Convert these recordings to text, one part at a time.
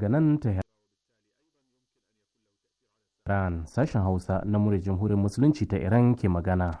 daga nan ta tehran sashen hausa na muryar jamhuriyar musulunci ta iran ke magana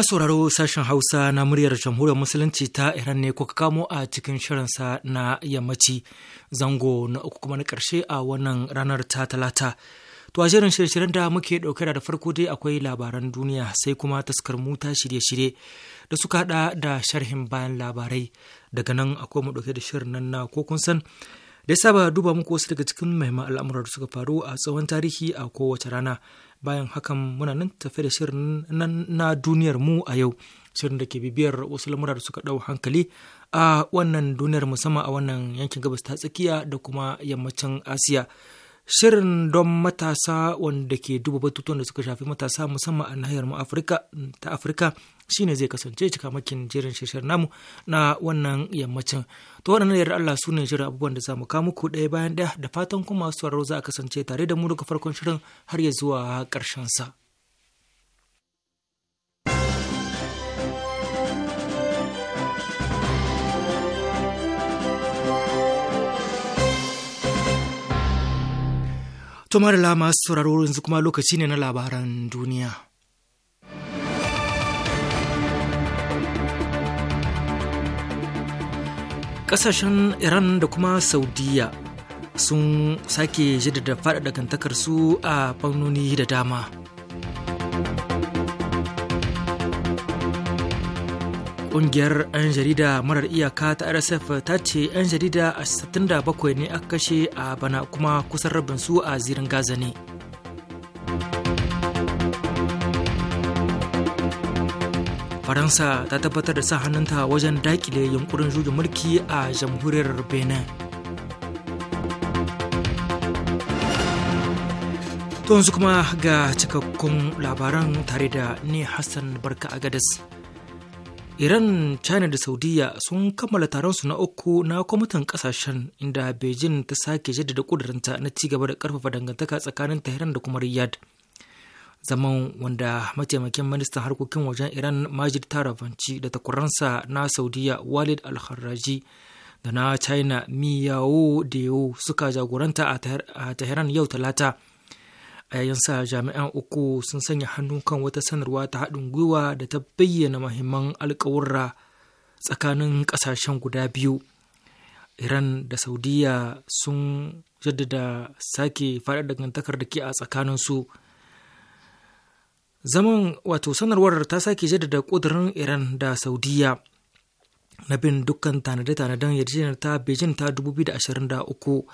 Masu sauraro sashen Hausa na muryar Jamhuriyar Musulunci ta Iran ne kuka kamo a cikin shirinsa na yammaci zango na uku kuma na ƙarshe a wannan ranar ta talata. To a shirin shirye da muke ɗauke da farko dai akwai labaran duniya sai kuma taskar muta shirye-shirye da suka haɗa da sharhin bayan labarai daga nan akwai mu ɗauke da shirin nan na ko kun san da saba duba muku wasu daga cikin mahimman al'amuran da suka faru a tsawon tarihi a kowace rana bayan hakan muna nan tafi da shirin na duniyar mu a yau shirin da ke bibiyar wasu lamura da suka ɗau hankali a wannan duniyar musamman a wannan yankin gabas ta tsakiya da kuma yammacin asiya shirin don matasa wanda ke duba batutuwan da suka shafi matasa musamman a nahiyar mu afirka ta afirka shine zai kasance cikamakin jerin shirin namu na wannan yammacin to wannan yarda Allah su ne shirin abubuwan da zamu kawo muku ɗaya bayan ɗaya da fatan kuma masu sauraro za a kasance tare da mu daga farkon shirin har ya zuwa ƙarshen sa. Tumar lama su sauraro yanzu kuma lokaci ne na labaran duniya. kasashen iran da kuma saudiya sun sake jaddada faɗaɗa kantakarsu a fannoni da dama Ƙungiyar 'yan jarida marar iyaka ta rsf ta ce 'yan jarida a 67 ne aka kashe a bana kuma kusan rabin su a zirin gaza ne faransa ta tabbatar da sa hannunta wajen dakile yunkurin juya mulki a jamhuriyar benin tun yanzu kuma ga cikakkun labaran tare da ni hassan barka a gadas iran china da saudiya sun kammala taronsu na uku na kwamitin kasashen inda beijing ta sake jaddada kudurinta na cigaba da karfafa dangantaka tsakanin tehran da kuma riyadh zaman wanda mataimakin ministan harkokin wajen iran majid tarabanci da takwaransa na saudiya walid alharraji da na china miyawo deo suka jagoranta a tehran yau talata a yayin sa jami'an uku sun sanya hannu kan wata sanarwa ta haɗin gwiwa da ta bayyana mahimman alkawura tsakanin ƙasashen guda biyu iran da saudiya sun jaddada sake faɗaɗa dangantakar da ke a tsakanin su zaman wato sanarwar ta sake jaddada ƙudurin iran da saudiya na bin dukkan tanade-tanaden yarjejeniyar ta beijing ta 2023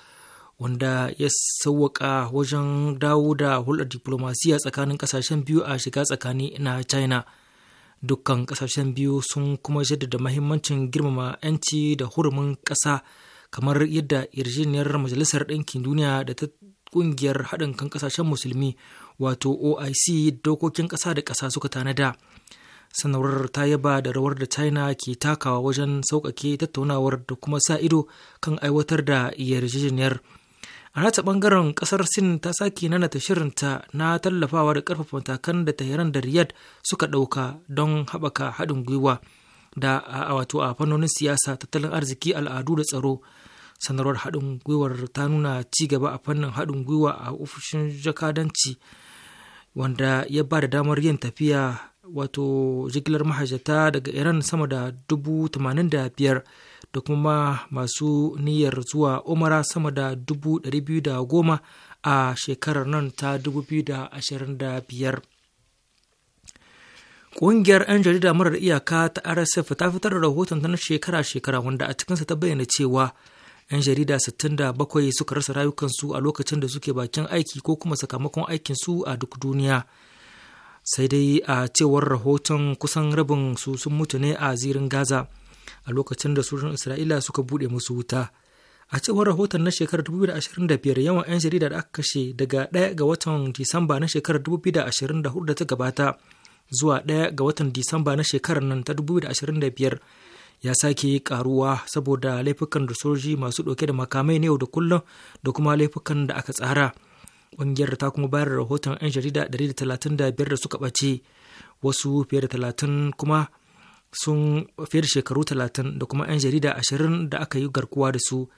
wanda ya sauwaka wajen dawo da hulɗar diplomasiya tsakanin ƙasashen biyu a shiga tsakani na china dukkan ƙasashen biyu sun kuma jaddada mahimmancin girmama 'yanci da hurumin ƙasa kamar yadda yarjejeniyar majalisar ɗinkin duniya da ta ƙungiyar haɗin kan ƙasashen musulmi wato oic dokokin ƙasa da ƙasa suka tanada sanarwar ta yaba da rawar da china ke takawa wajen sauƙaƙe tattaunawar da kuma sa ido kan aiwatar da yarjejeniyar a nata ɓangaren ƙasar sin ta sake nana nanata shirinta na tallafawa da ƙarfafa matakan da tehran da riyadh suka ɗauka don haɓaka haɗin gwiwa da a wato a fannonin siyasa tattalin arziki al'adu da tsaro sanarwar haɗin gwiwar ta nuna ci gaba a fannin haɗin gwiwa a ofishin jakadanci wanda ya ba da damar yin tafiya wato jigilar mahajjata daga iran sama da dubu tamanin da biyar da kuma masu niyyar zuwa umara sama da dubu ɗari biyu da goma a shekarar nan ta dubu biyu da ashirin da biyar Ƙungiyar 'yan jarida marar iyaka ta RSF ta fitar da rahoton ta na shekara-shekara wanda a cikinsa ta bayyana cewa 'yan jarida 67 suka rasa rayukansu a lokacin da suke bakin aiki ko kuma sakamakon aikinsu a duk duniya sai dai a cewar rahoton kusan rabin su sun mutu ne a zirin gaza a lokacin da sojojin isra'ila suka bude musu wuta a cewar rahoton na shekarar 2025 yawan 'yan jarida da aka kashe daga 1 ga watan disamba na shekarar 2024 da ta gabata zuwa 1 ga watan disamba na shekarar nan ta 2025 ya sake karuwa saboda laifukan da soji masu dauke da makamai na yau da kullum da kuma laifukan da aka tsara ƙungiyar ta kuma bayar da rahoton 'yan jarida 135 da suka ɓace wasu fiye da 30 kuma sun fiye da shekaru 30 da kuma 'yan jarida 20 da aka yi garkuwa da su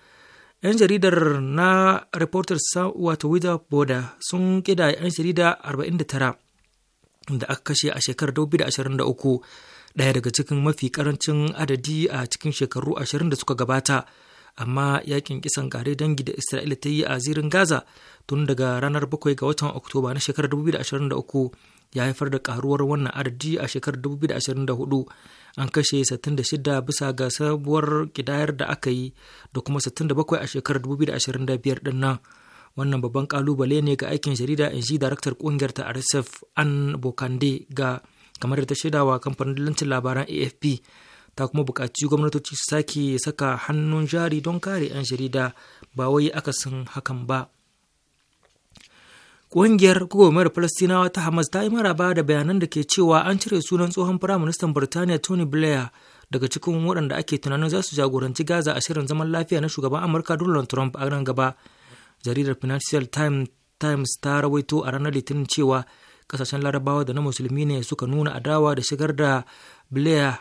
'yan jaridar na reporters wato without border sun ƙida 'yan jarida 49 da aka kashe a shekarar 2023 ɗaya daga cikin mafi karancin adadi a cikin shekaru ashirin da suka gabata amma yakin kisan kare dangi da isra'ila ta yi a zirin gaza tun daga ranar 7 ga watan oktoba na shekarar 2023 ya haifar da karuwar wannan adadi a shekarar 2024 an kashe 66 bisa ga sabuwar kidayar da aka yi da kuma 67 a shekarar 2025 din nan wannan babban kalubale ne ga aikin jarida in ji daraktar kungiyar ta rsf an bokande ga kamar da ta shaidawa kamfanin dillancin labaran afp ta kuma bukaci gwamnatoci su sake saka hannun jari don kare 'yan jarida ba wai aka san hakan ba Ƙungiyar gwamnatin Falastinawa ta Hamas ta yi maraba da bayanan da ke cewa an cire sunan tsohon Firaministan Birtaniya Tony Blair daga cikin waɗanda ake tunanin za su jagoranci Gaza a shirin zaman lafiya na shugaban Amurka Donald Trump a nan gaba. Jaridar Financial Times ta rawaito a ranar Litinin cewa kasashen larabawa da na musulmi ne suka nuna adawa da shigar da blair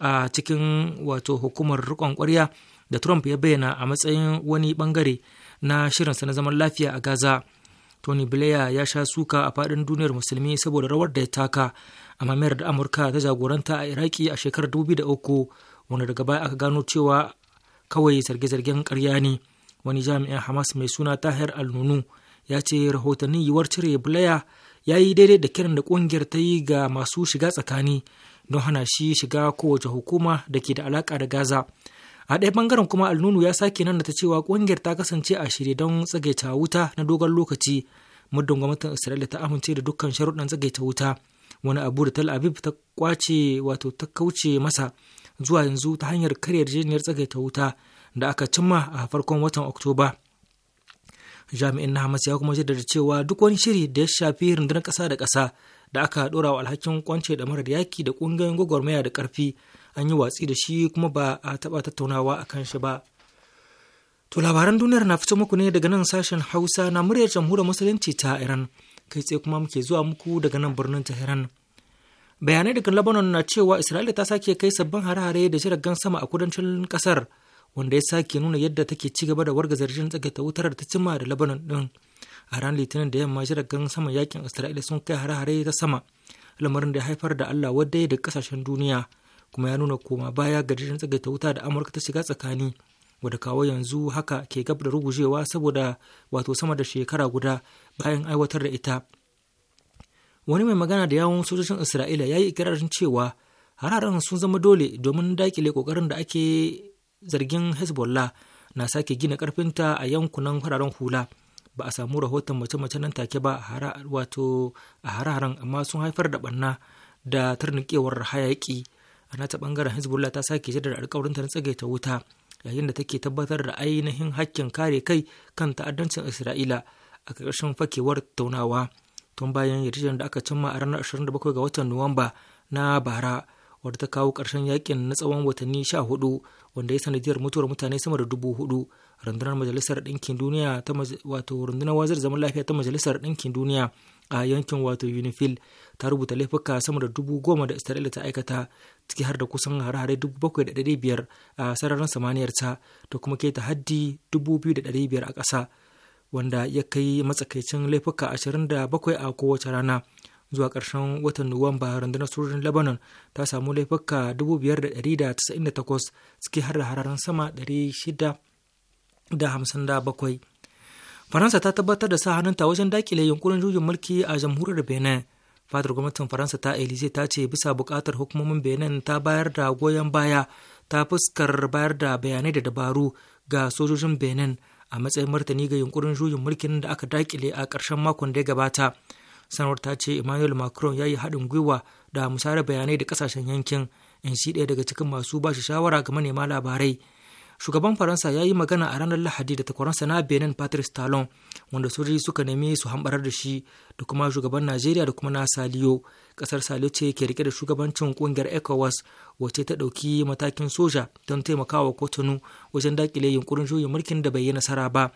a cikin wato hukumar rikon kwarya da trump ya bayyana a matsayin wani bangare na shirinsa na zaman lafiya a gaza tony blair ya sha suka a faɗin duniyar musulmi saboda rawar da ya taka a mamayar da amurka ta jagoranta a iraki a shekarar 2003 wanda daga baya aka gano cewa kawai zarge-zargen karya ne wani jami'in hamas mai suna tahir al-nunu ya ce rahotannin yiwuwar cire blair ya yi daidai da kiran da kungiyar ta yi ga masu shiga tsakani don hana shi shiga kowace hukuma da ke da alaka da Gaza. A ɗaya bangaren kuma Alnunu ya sake nan ta cewa kungiyar ta kasance a shirye don tsagaita wuta na dogon lokaci muddin gwamnatin Isra'ila ta amince da dukkan sharuɗan tsagaita wuta. Wani abu da Tel Aviv ta kwace wato ta kauce masa zuwa yanzu ta hanyar karyar jiniyar tsagaita wuta da aka cimma a farkon watan Oktoba. jami'in na hamas ya kuma jaddada cewa duk wani shiri da ya shafi rundunar kasa da ƙasa da aka dora wa alhakin kwance da marar yaki da ƙungiyoyin gwagwarmaya da ƙarfi an yi watsi da shi kuma ba a taba tattaunawa a kan shi ba to labaran duniyar na fito muku ne daga nan sashen hausa na muryar jamhuriyar musulunci ta iran kai tsaye kuma muke zuwa muku daga nan birnin tehran bayanai daga lebanon na cewa isra'ila ta sake kai sabbin hare-hare da jiragen sama a kudancin kasar wanda ya sake nuna yadda take ci gaba da warga zargin tsagaita wutar da ta cima da labanan din a ran litinin da yamma jiragen saman yakin isra'ila sun kai hare-hare ta sama lamarin da ya haifar da allah wadda ya da kasashen duniya kuma ya nuna koma baya ga jirgin tsagaita wuta da amurka ta shiga tsakani wadda kawo yanzu haka ke gab da rugujewa saboda wato sama da shekara guda bayan aiwatar da ita wani mai magana da yawon sojojin isra'ila ya yi ikirarin cewa hararen sun zama dole domin daƙile ƙoƙarin da ake zargin hezbollah na sake gina karfinta a yankunan fararen hula ba a samu rahoton mace-mace nan take ba wato a hararen amma sun haifar da banna da tarnikewar hayaki a nata bangaren hezbollah ta sake jaddada ta na tsagaita wuta yayin da take tabbatar da ainihin hakkin kare kai kan ta'addancin isra'ila a ƙarshen fakewar taunawa tun bayan yarjejen da aka cimma a ranar 27 ga watan nuwamba na bara wadda ta kawo ƙarshen yakin na tsawon watanni sha hudu wanda ya sanadiyar mutuwar mutane sama da dubu hudu rundunar majalisar ɗinkin duniya ta wato rundunar wazir zaman lafiya ta majalisar ɗinkin duniya a yankin wato unifil ta rubuta laifuka sama da dubu goma da isra'ila ta aikata ciki har da kusan hare-hare dubu bakwai da ɗari biyar a sararin samaniyar ta da kuma keta haddi dubu biyu da ɗari biyar a ƙasa wanda ya kai matsakaicin laifuka ashirin da bakwai a kowace rana zuwa ƙarshen watan nuwamba rundunar sojojin lebanon ta samu laifuka 5,198 suke har da sama 657 faransa ta tabbatar da sa hannunta wajen dakile yunkurin juyin mulki a jamhuriyar benin fadar gwamnatin faransa ta elize ta ce bisa buƙatar hukumomin benin ta bayar da goyon baya ta fuskar bayar da bayanai da dabaru ga sojojin benin a matsayin martani ga yunkurin juyin mulkin da aka dakile a ƙarshen makon da ya gabata sanarwar ta ce emmanuel macron ya yi haɗin gwiwa da musayar bayanai da kasashen yankin in shi ɗaya daga cikin masu ba shi shawara ga manema labarai shugaban faransa ya yi magana a ranar lahadi da takwaransa na benin patrice talon wanda sojoji suka nemi su hambarar da shi da kuma shugaban najeriya da kuma na saliyo kasar saliyo ce ke rike da shugabancin ƙungiyar ecowas wacce ta ɗauki matakin soja don taimakawa kotunu wajen daƙile yunkurin juyin mulkin da bai yi nasara ba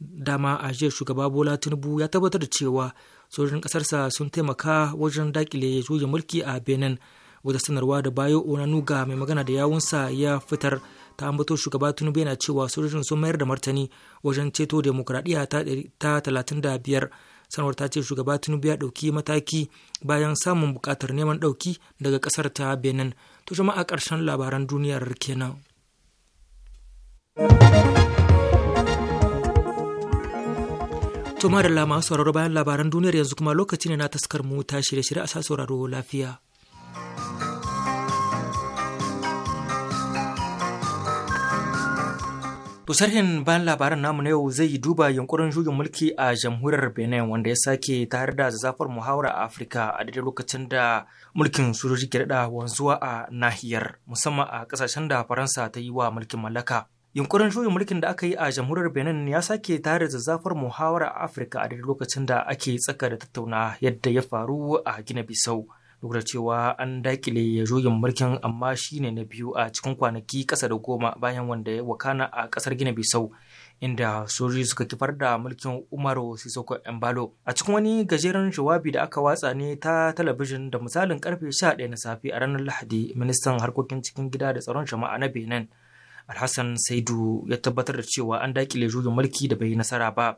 dama a jiya shugaba bola tinubu ya tabbatar da cewa sojojin ƙasarsa sun taimaka wajen dakile juya mulki a benin wata sanarwa da bayo onanuga mai magana da yawunsa ya fitar ta ambato shugaba tunubu yana cewa sojojin sun mayar da martani wajen ceto demokuraɗiyya ta talatin da biyar sanarwar ta ce shugaba tunubu ya ɗauki mataki bayan samun buƙatar neman ɗauki daga ƙasar ta benin to jama'a ƙarshen labaran duniyar kenan. To madalla a sauraro bayan labaran duniyar yanzu kuma lokaci ne na taskar mu ta shirye-shirye a sa sauraro lafiya. To sarhin bayan labaran namu na yau zai duba yunkurin juyin mulki a jamhuriyar Benin wanda ya sake tare da zafar muhawara a Afirka a daidai lokacin da mulkin sojoji ke daɗa wanzuwa a nahiyar musamman a ƙasashen da Faransa ta yi wa mulkin mallaka. Yunkurin juyin mulkin da aka yi a jamhuriyar Benin ya sake tare zazzafar muhawara a Afirka a daidai lokacin da ake tsaka da tattauna yadda ya faru a Gina Bisau. Duk da cewa an dakile juyin mulkin amma shine na biyu a cikin kwanaki ƙasa da goma bayan wanda ya wakana a ƙasar Gina Bisau. inda sojoji suka kifar da mulkin umaru sisoko embalo a cikin wani gajeren jawabi da aka watsa ne ta talabijin da misalin karfe 11 na safe a ranar lahadi ministan harkokin cikin gida da tsaron jama'a na benin alhassan saidu ya tabbatar da cewa an dakile juyin mulki da bai nasara ba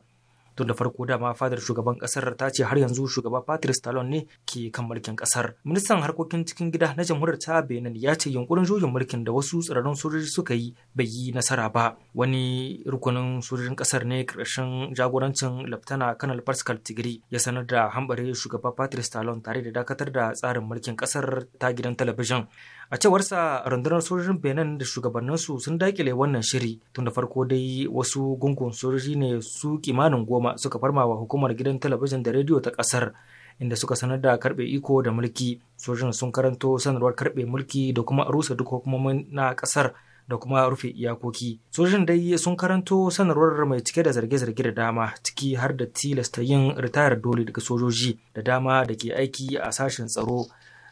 tun da farko dama fadar shugaban kasar ta ce har yanzu shugaba patrice talon ne ke kan mulkin kasar ministan harkokin cikin gida na jamhuriyar ta benin ya ce yunkurin juyin mulkin da wasu tsirarun sojoji suka yi bai yi nasara ba wani rukunin sojojin kasar ne karshen jagorancin laftana kanal pascal tigiri ya sanar da hambare shugaba patrice talon tare da dakatar da tsarin mulkin kasar ta gidan talabijin a cewar sa rundunar sojojin benin da shugabannin su sun dakile wannan shiri tun da farko dai wasu gungun sojoji ne su kimanin goma suka farma wa hukumar gidan talabijin da rediyo ta kasar inda suka sanar da karbe iko da mulki sojojin sun karanto sanarwar karbe mulki da kuma rusa duk hukumomin na kasar da kuma rufe iyakoki sojojin dai sun karanto sanarwar mai cike da zarge-zarge da dama ciki har da tilasta yin ritayar dole daga sojoji da dama da ke aiki a sashen tsaro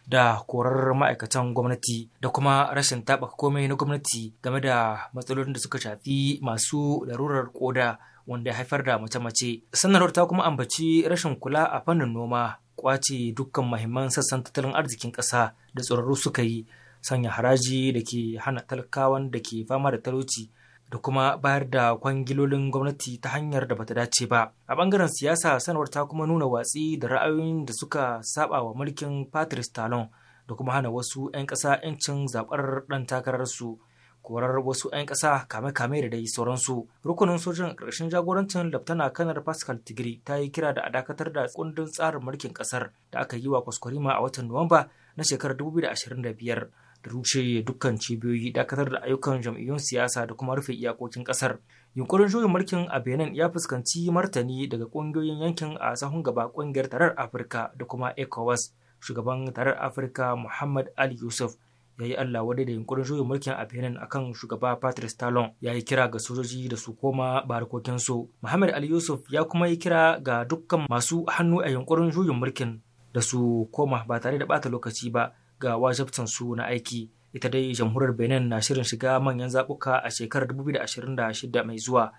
da korar ma'aikatan gwamnati da kuma rashin taɓaka komai na gwamnati game da matsalolin da suka shafi masu larurar koda wanda ya haifar da mace-mace. Sanarwar ta kuma ambaci rashin kula a fannin noma, kwace dukkan mahimman sassan tattalin arzikin ƙasa da tsoron suka yi, sanya haraji da ke hana talakawan da ke fama da talauci da kuma bayar da kwangilolin gwamnati ta hanyar da bata dace ba a bangaren siyasa sanarwar ta kuma nuna watsi da ra'ayoyin da suka saba wa mulkin patrice talon da kuma hana wasu 'yan kasa 'yancin zaɓar ɗan takararsu korar wasu 'yan ƙasa kame-kame da dai sauransu rukunin sojin ƙarshen jagorancin laftana kanar pascal tigri ta yi kira da a dakatar da kundin tsarin mulkin ƙasar da aka yi wa kwaskwarima a watan nuwamba na shekarar 2025 da rushe dukkan cibiyoyi dakatar da ayyukan jam'iyyun siyasa da kuma rufe iyakokin kasar yunkurin juyin mulkin a benin ya fuskanci martani daga kungiyoyin yankin a sahun gaba kungiyar tarar afirka da kuma ecowas shugaban tarar afirka muhammad ali yusuf ya yi allah wadai da yunkurin juyin mulkin a benin akan shugaba patrice talon ya yi kira ga sojoji da su koma barkokinsu muhammad ali yusuf ya kuma yi kira ga dukkan masu hannu a yunkurin juyin mulkin da su koma ba tare da bata lokaci ba ga wajabcin su na aiki ita dai jamhuriyar benin na shirin shiga manyan zaɓuka a shekarar 2026 mai zuwa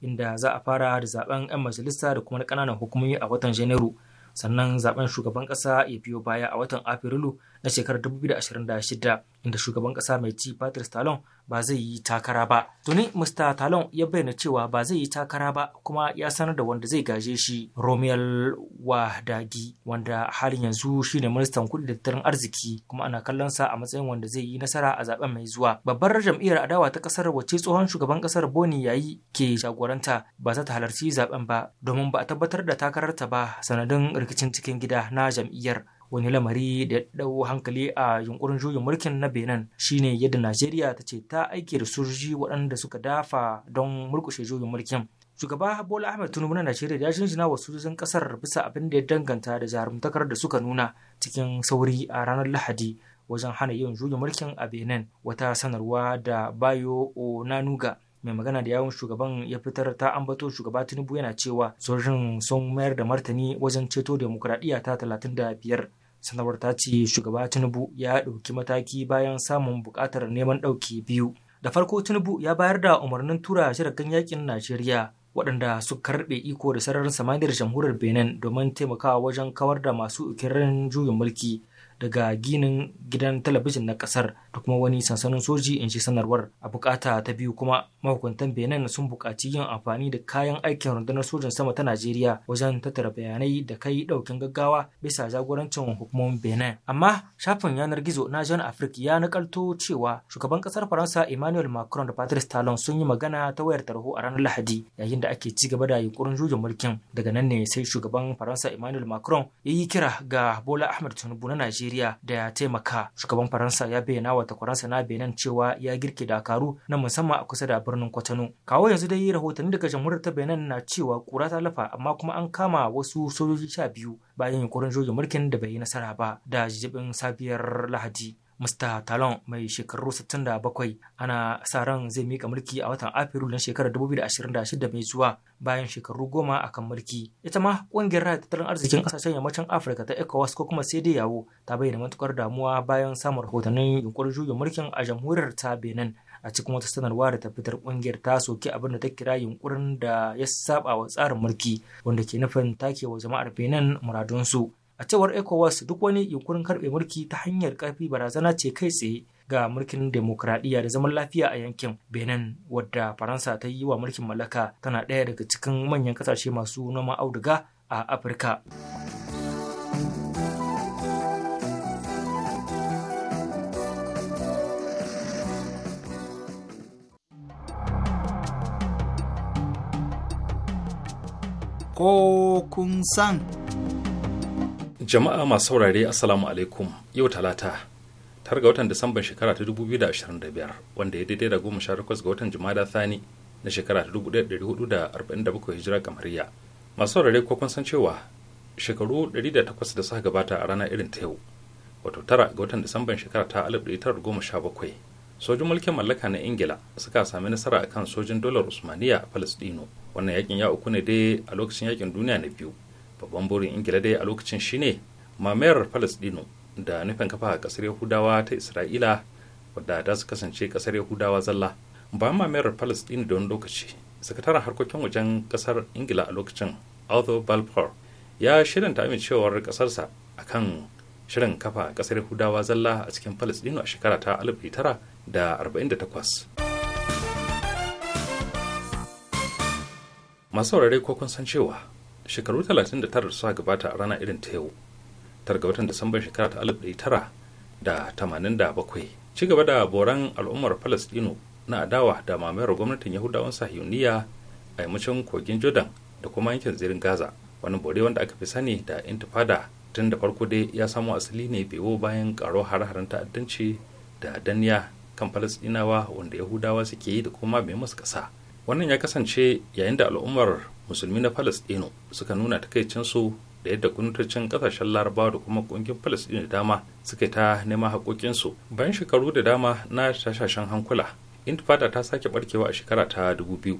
inda za a fara da zaben 'yan majalisa da kuma na ƙananan hukumomi a watan janairu sannan zaben shugaban ƙasa ya biyo baya a watan afrilu na shekarar 2026 inda shugaban kasa mai ci Patrice Talon ba zai yi takara ba. Tuni Mr. Talon ya bayyana cewa ba zai yi takara ba kuma ya sanar da wanda zai gaje shi Romel Wahdagi wanda halin yanzu shine ministan kudi da tattalin arziki kuma ana kallon sa a matsayin wanda zai yi nasara a zaben mai zuwa. Babbar jam'iyyar adawa ta kasar wacce tsohon shugaban kasar Boni yayi ke jagoranta ba za ta halarci zaben ba domin ba a tabbatar da takararta ba sanadin rikicin cikin gida na jam'iyyar. wani lamari da ya ɗau hankali a yunkurin juyin mulkin na benin shine yadda najeriya ta ce ta aike da sojoji waɗanda suka dafa don murkushe juyin mulkin shugaba bola ahmed tinubu na najeriya ya cincina wa sojojin ƙasar bisa abin da ya danganta da jarumtakar da suka nuna cikin sauri a ranar lahadi wajen hana yin juyin mulkin a benin wata sanarwa da bayo onanuga mai magana da yawon shugaban ya fitar ta ambato shugaba tinubu yana cewa sojin sun mayar da martani wajen ceto demokuraɗiyya ta biyar. sanarwar ta ce shugaba tinubu ya ɗauki mataki bayan samun buƙatar neman ɗauki biyu da farko tinubu ya bayar da umarnin tura shirakan yakin najeriya waɗanda su karɓe iko da sararin samaniyar jamhuriyar benin domin taimakawa wajen kawar da masu ikirarin juyin mulki daga ginin gidan talabijin na kasar da kuma wani sansanin soji in shi sanarwar a bukata ta biyu kuma mahukuntan benin sun buƙaci yin amfani da kayan aikin rundunar sojin sama ta najeriya wajen tattara bayanai da kai ɗaukin gaggawa bisa jagorancin hukumomin benin amma shafin yanar gizo na jan afrique ya nakalto cewa shugaban kasar faransa emmanuel macron da patrice talon sun yi magana ta wayar tarho a ranar lahadi yayin da ake ci gaba da yunkurin juyin mulkin daga nan ne sai shugaban faransa emmanuel macron ya yi kira ga bola ahmed tinubu na najeriya Najeriya da ya taimaka. Shugaban Faransa ya bayyana wa takwaransa na Benin cewa ya girke dakaru na musamman a kusa da birnin Kwatano. Kawo yanzu dai rahotanni daga jamhuriyar ta Benin na cewa kura ta lafa amma kuma an kama wasu sojoji sha biyu bayan yunkurin juya mulkin da bai yi nasara ba da jijibin safiyar Lahadi. Mr. Talon mai shekaru 67 ana sa ran zai mika mulki a watan Afrilu na shekarar 2026 mai zuwa bayan shekaru goma a kan mulki. Ita ma ƙungiyar raya tattalin arzikin ƙasashen yammacin Afirka ta ECOWAS ko kuma sai yawo ta bayyana matukar damuwa bayan samun rahotannin yunkurin juyin mulkin a jamhuriyar ta Benin. a cikin wata sanarwa da ta fitar kungiyar ta soki abin da ta kira yunkurin da ya saba wa tsarin mulki wanda ke nufin take wa jama'ar benin muradunsu a cewar ecowas duk wani yunkurin karbe mulki ta hanyar karfi barazana ce kai tsaye ga mulkin demokradiyya da zaman lafiya a yankin benin wadda faransa ta yi wa mulkin mallaka tana ɗaya daga cikin manyan kasashe masu noman auduga a afirka Ko kun san. jama'a masu saurare assalamu alaikum yau talata tar ga watan disamban shekara ta 2025 wanda ya daidai da goma sha takwas ga watan jumada thani na shekara ta 1447 hijira kamariya masu saurare ko kun san cewa shekaru 108 da suka gabata a rana irin ta yau wato tara ga watan disamban shekara ta 1917 sojin mulkin mallaka na ingila suka sami nasara akan sojin dolar usmaniya a palestino wannan yakin ya uku ne dai a lokacin yakin duniya na biyu babban burin ingila dai a lokacin shine mamayar falasɗinu da nufin kafa a kasar yahudawa ta isra'ila wadda ta su kasance kasar yahudawa zalla bayan mamayar falasɗinu da wani lokaci sakataren harkokin wajen kasar ingila a lokacin arthur balfour ya shirinta amincewar kasarsa kan shirin kafa kasar yahudawa zalla a cikin dino a shekara ta da tara 1948 masu saurare ko kun san cewa shekaru 39 suka gabata a rana irin ta yau targa watan disamban shekara ta 1987 ci gaba da boran al'ummar palestino na adawa da mamayar gwamnatin yahudawan sahiyuniya a yammacin kogin jordan da kuma yankin zirin gaza wani bore wanda aka fi sani da intifada tun da farko dai ya samo asali ne bewo bayan karo hare-haren ta'addanci da danniya kan falasdinawa wanda yahudawa suke yi da kuma mai masu ƙasa wannan ya kasance yayin da al'ummar musulmi na palestino suka nuna takaicinsu da yadda gwamnatocin kasashen larabawa da kuma kungiyar palestino da dama suka ta neman haƙoƙinsu bayan shekaru da dama na tashashen hankula intifada ta sake barkewa a shekara ta 2000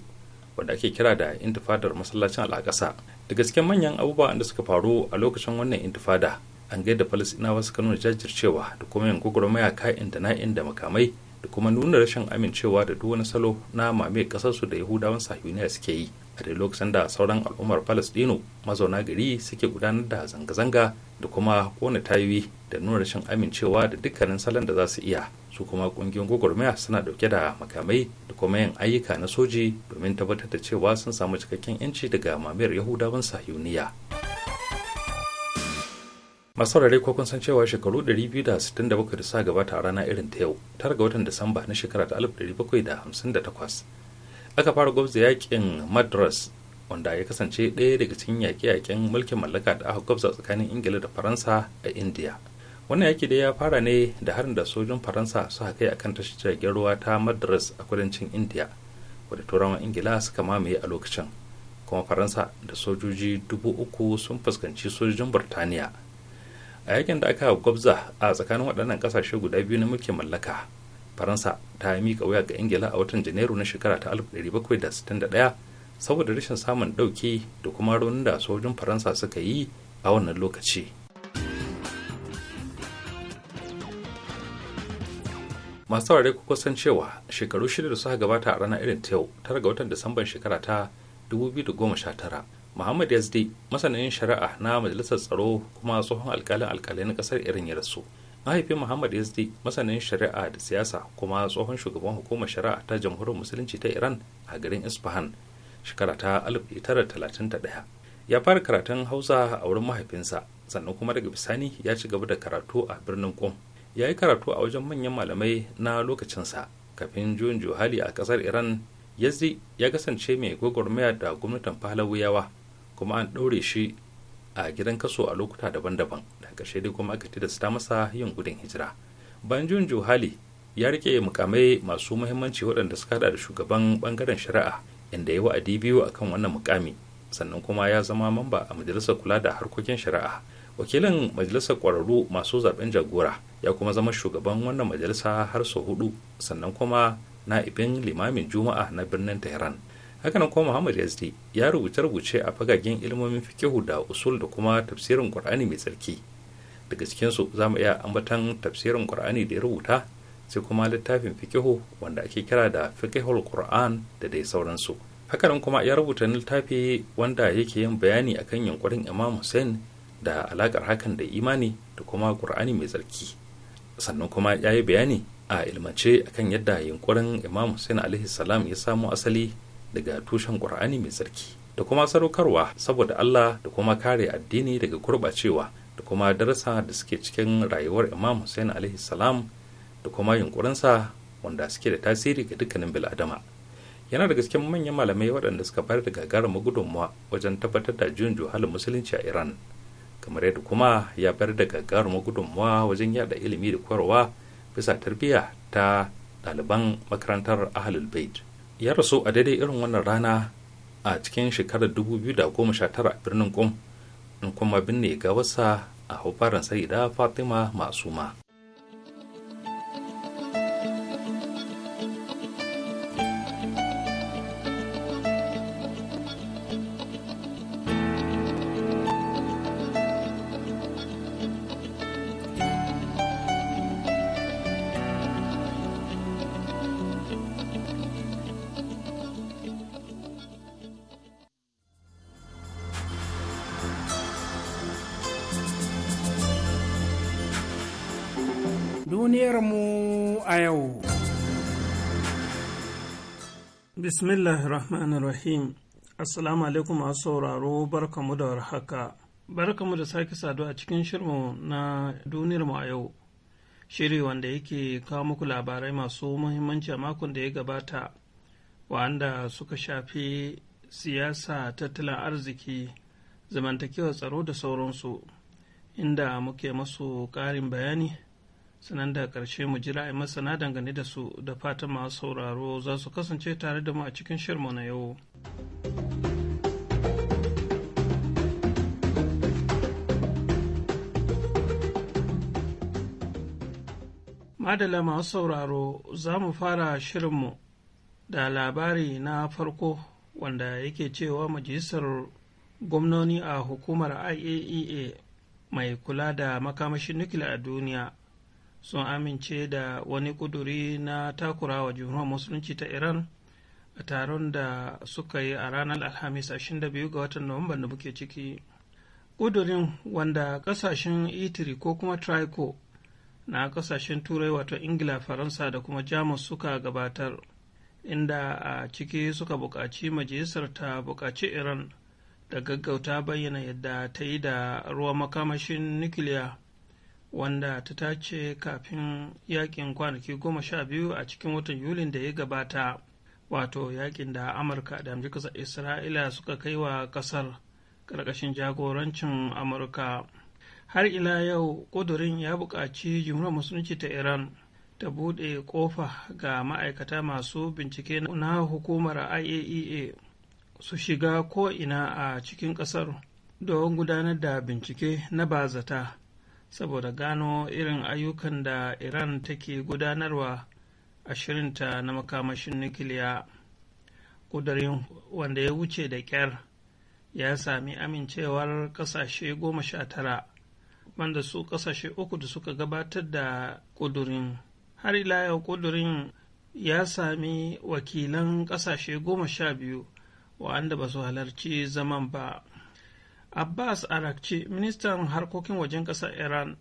wanda ake kira da intifadar masallacin al'akasa da gaske manyan abubuwan da suka faru a lokacin wannan intifada an gaida palestinawa suka nuna jajircewa da kuma yin gwagwarmaya ka'in da na'in da makamai da kuma nuna rashin amincewa da duk wani salo na mamaye kasarsu da yahudawan sahiyuniya suke yi a dai lokacin da sauran al'ummar palestino mazauna gari suke gudanar da zanga-zanga da kuma kone tayoyi da nuna rashin amincewa da dukkanin salon da za su iya su kuma kungiyoyin gwagwarmaya suna dauke da makamai da kuma yin ayyuka na soji domin tabbatar da cewa sun samu cikakken yanci daga mamayar yahudawan sahiyuniya masu rarrai ko kun san cewa shekaru 267 da suka gabata a rana irin ta yau tara ga watan disamba na shekara ta 1758 aka fara gwabza yakin madras wanda ya kasance ɗaya daga cikin yaƙe-yaƙen mulkin mallaka da aka gwabza tsakanin ingila da faransa a india wannan yaƙi dai ya fara ne da harin da sojin faransa suka kai akan tashar jiragen ruwa ta madras a kudancin india wadda turawan ingila suka mamaye a lokacin kuma faransa da sojoji dubu uku sun fuskanci sojojin burtaniya a yakin da aka gwabza a tsakanin waɗannan ƙasashe guda biyu na mulkin mallaka faransa ta yi miƙa wuya ga ingila a watan janairu na shekara ta 1761 saboda rashin samun ɗauki da kuma raunin da sojin faransa suka yi a wannan lokaci masu saurare ku kusan cewa shekaru shida da suka gabata a ranar irin ta yau tara ga watan disamban shekara ta 2019 muhammad yazdi masanin shari'a na majalisar tsaro kuma tsohon alkalin alkalai na ƙasar irin ya rasu mahaifin muhammad yazdi masanin shari'a da siyasa kuma tsohon shugaban hukumar shari'a ta jamhuriyar musulunci ta iran a garin isfahan shekara ta 1931 ya fara karatun hausa a wurin mahaifinsa sannan kuma daga bisani ya ci gaba da karatu a birnin kum ya yi karatu a wajen manyan malamai na lokacinsa kafin juyin juhali a kasar iran yazdi ya kasance mai gwagwarmaya da gwamnatin pahlawiyawa kuma an ɗaure shi a gidan kaso a lokuta daban-daban karshe dai kuma aka tilasta masa yin gudun hijira bayan juhali ya rike mukamai masu muhimmanci waɗanda suka hada da shugaban bangaren shari'a inda ya wa'adi biyu akan wannan mukami sannan kuma ya zama mamba a majalisar kula da harkokin shari'a wakilin majalisar ƙwararru masu zaben jagora ya kuma zama shugaban wannan majalisa har sau hudu sannan kuma na'ibin limamin juma'a na birnin tehran hakanan kuma muhammad yazdi ya rubuce rubuce a fagagen ilmomin fikihu da usul da kuma tafsirin qur'ani mai tsarki daga cikinsu za mu iya ambatan tafsirin qur'ani da ya rubuta sai kuma littafin fiqihu wanda ake kira da fiqihul qur'an da dai sauransu hakanan kuma ya rubuta littafi wanda yake yin bayani akan yunkurin imam hussein da alakar hakan da imani da kuma qur'ani mai tsarki sannan kuma ya yi bayani a ilmace akan yadda yunkurin imam hussein alaihi salam ya samo asali daga tushen qur'ani mai tsarki da kuma sadaukarwa saboda allah da kuma kare addini daga gurɓacewa da kuma darasa da suke cikin rayuwar imam hussein alaihi salam da kuma yunkurinsa wanda suke da tasiri ga dukkanin bil'adama yana da cikin manyan malamai waɗanda suka bayar da gagarumin gudunmuwa wajen tabbatar da juyin juhalin musulunci a iran kamar yadda kuma ya bayar da gagarumin gudunmuwa wajen yada ilimi da koyarwa bisa tarbiyya ta ɗaliban makarantar ahlul bait ya rasu a daidai irin wannan rana a cikin shekarar 2019 a birnin kum in kuma binne gawarsa a hufar sayida fatima masuma bismillah rahmanir rahim assalamu alaikum masu sauraro barkamu da warhaka barkamu da sake saduwa a cikin shirmu na duniyar mu a yau shiri wanda yake kawo muku labarai masu muhimmanci a makon da ya gabata wanda suka shafi siyasa tattalin arziki zamantakewar tsaro da sauransu inda muke masu ƙarin bayani sanan da ƙarshe mu jira a masana dangane da su da fatan masu sauraro za su kasance tare da mu a cikin shirmu na yau. Madala masu sauraro za mu fara mu da labari na farko wanda yake cewa majalisar gwamnoni a hukumar IAEA e mai kula da makamashin nukila a duniya sun amince da wani kuduri na takurawa jumhuriyar musulunci ta iran a taron da suka yi a ranar alhamis 22 ga watan nuwamban da muke ciki kudurin wanda kasashen itiri ko kuma trico na kasashen turai wato ingila faransa da kuma jamus suka gabatar inda a ciki suka buƙaci majalisar ta buƙaci iran da gaggauta bayyana yadda ta yi da ruwa makamashin nukiliya wanda ta tace kafin yakin kwanaki goma sha biyu a cikin watan yulin da ya gabata wato yakin da amurka da amurka isra'ila suka kai wa kasar ƙarƙashin jagorancin amurka har ila yau ƙudurin ya buƙaci jumhuriyar musulunci ta iran ta buɗe ƙofa ga ma'aikata masu bincike na hukumar iaea e su shiga ko'ina a cikin ƙasar don gudanar da bincike na bazata saboda gano irin ayyukan da iran take gudanarwa a shirinta na makamashin nukiliya ƙudurin wanda ya wuce da ƙyar ya sami amincewar ƙasashe goma sha tara wanda su ƙasashe uku da suka gabatar da ƙudurin har ila yau ƙudurin ya sami wakilan ƙasashe goma sha biyu wa'anda ba su halarci zaman ba abbas arakci ministan harkokin wajen ƙasar iran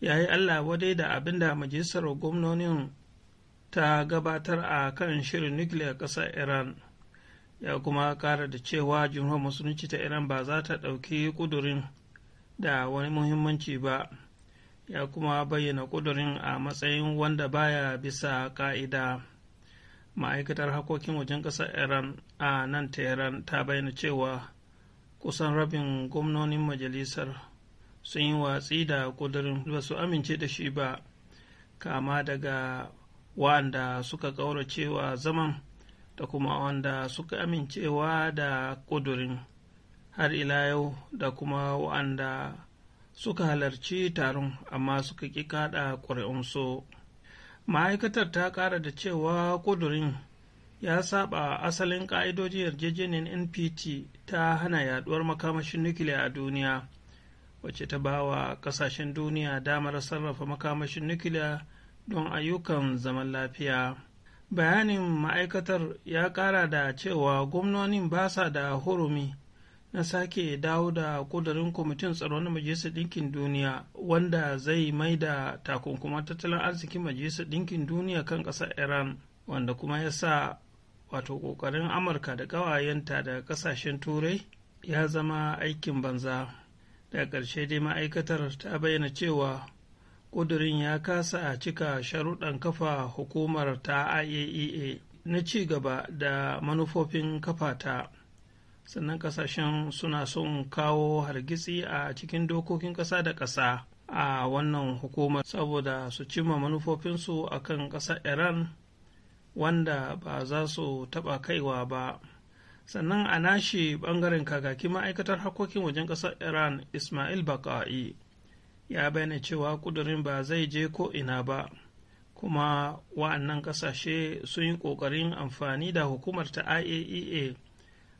ya yi allah wadai da abin da majalisar gwamnonin ta gabatar a kan shirin nukiliyar ƙasar iran ya kuma ƙara da cewa jumhuriyar musulunci ta iran ba za ta ɗauki ƙudurin da wani muhimmanci ba ya kuma bayyana ƙudurin a matsayin wanda baya bisa ƙa'ida ma'aikatar harkokin wajen ƙasar iran a nan tehran ta bayyana cewa kusan rabin gwamnonin majalisar sun yi watsi da kudurin ba su amince da shi ba kama daga wanda suka ƙauracewa zaman da kuma wanda suka amincewa da kudurin har ila yau da kuma wanda suka halarci taron amma suka ƙi kaɗa ƙuri'unsu ma'aikatar ta ƙara da cewa kudurin ya saba asalin ƙa'idojin yarjejeniyar npt ta hana yaduwar makamashin nukiliya a duniya wacce ta ba wa ƙasashen duniya damar sarrafa makamashin nukiliya don ayyukan zaman lafiya bayanin ma'aikatar ya ƙara da cewa gwamnonin ba sa da hurumi na sake dawo da kudurin kwamitin tsaro na majalisar ɗinkin duniya wanda zai mai da takunkuman tattalin arzikin majalisar ɗinkin duniya kan ƙasar iran wanda kuma ya sa wato ƙoƙarin amurka da ƙawayenta da ƙasashen turai ya zama aikin banza daga ƙarshe dai ma'aikatar ta bayyana cewa ƙudurin ya kasa a cika sharuɗan kafa hukumar ta iaea e na ci gaba da manufofin kafa ta sannan ƙasashen suna son kawo hargitsi a cikin dokokin ƙasa da ƙasa a wannan hukumar saboda su cimma manufofinsu akan ƙasa iran wanda ba za su taɓa kaiwa ba sannan a nashi ɓangaren kakakin ma'aikatar harkokin wajen ƙasar iran ismail baka'i ya bayyana cewa kudurin ba zai je ko ina ba kuma wa'annan ƙasashe sun yi ƙoƙarin amfani da hukumar ta iaea e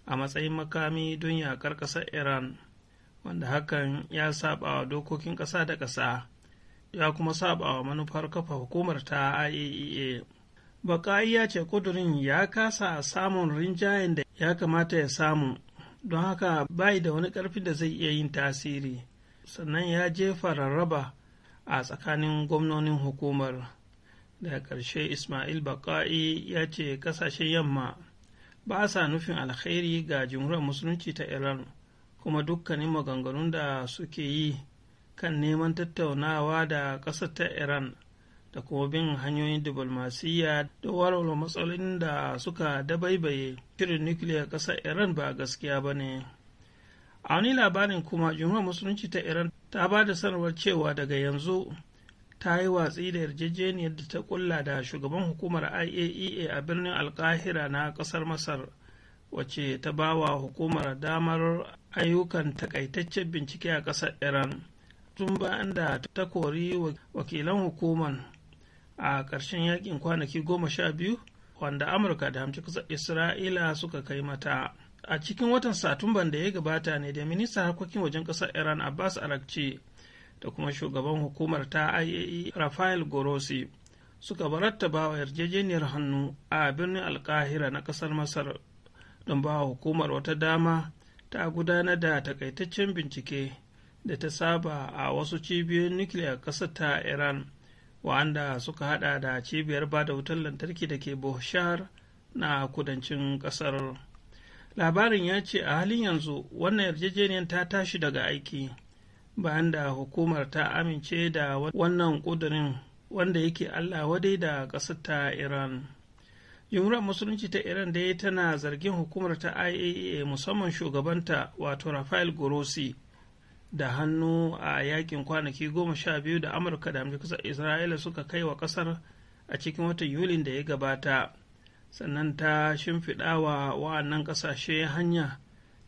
a matsayin makami don yaƙar ƙasar iran wanda hakan ya saba wa dokokin ƙasa da ƙasa ya kuma saba wa manufar kafa hukumar ta iaea e Baƙa'i ya ce ƙudurin ya kasa samun rinjayen da ya kamata ya samu, don haka bai da wani ƙarfi da zai iya yin tasiri, sannan ya jefa rarraba a tsakanin gwamnonin hukumar. Da ƙarshe Ismail Baƙa'i ya ce ƙasashen yamma ba sa nufin alkhairi ga jumhuriyar musulunci ta Iran, kuma dukkanin maganganun da suke yi kan neman tattaunawa da ƙasar ta Iran. da kuma bin hanyoyin diplomasiyya da warware matsalolin da suka dabaibaye shirin nukiliyar ƙasar iran ba gaskiya ba ne a wani labarin kuma jumhuriyar musulunci ta iran ta ba da sanarwar cewa daga yanzu ta yi watsi da yarjejeniyar da ta kulla da shugaban hukumar iaea e a birnin alkahira na ƙasar masar wacce ta ba wa hukumar damar ayyukan takaitaccen bincike a ƙasar iran tun bayan da ta kori wakilan hukumar a ƙarshen yakin kwanaki goma sha biyu wanda amurka da hamci kusa isra'ila suka kai mata a cikin watan satumban da ya gabata ne da ministan harkokin wajen ƙasar iran abbas arakci da kuma shugaban hukumar ta iae rafael gorosi suka ba wa yarjejeniyar hannu a birnin alkahira na ƙasar masar don ba hukumar wata dama ta gudanar da takaitaccen bincike da ta saba a wasu cibiyoyin nukiliyar ƙasar ta iran wa'anda suka hada da cibiyar ba da wutar lantarki da ke bohshar na kudancin kasar labarin ya ce a halin yanzu wannan yarjejeniyar ta tashi daga aiki bayan da hukumar ta amince da wannan kudurin wanda yake allah wadai da ƙasar ta iran jumhuriyar musulunci ta iran dai tana zargin hukumar ta iaea e, musamman shugabanta wato rafael grossi da hannu a yakin kwanaki goma sha biyu da amurka da amurka isra'ila suka kai wa kasar a cikin watan yulin da ya gabata sannan ta shimfiɗa wa wa'annan ƙasashe hanya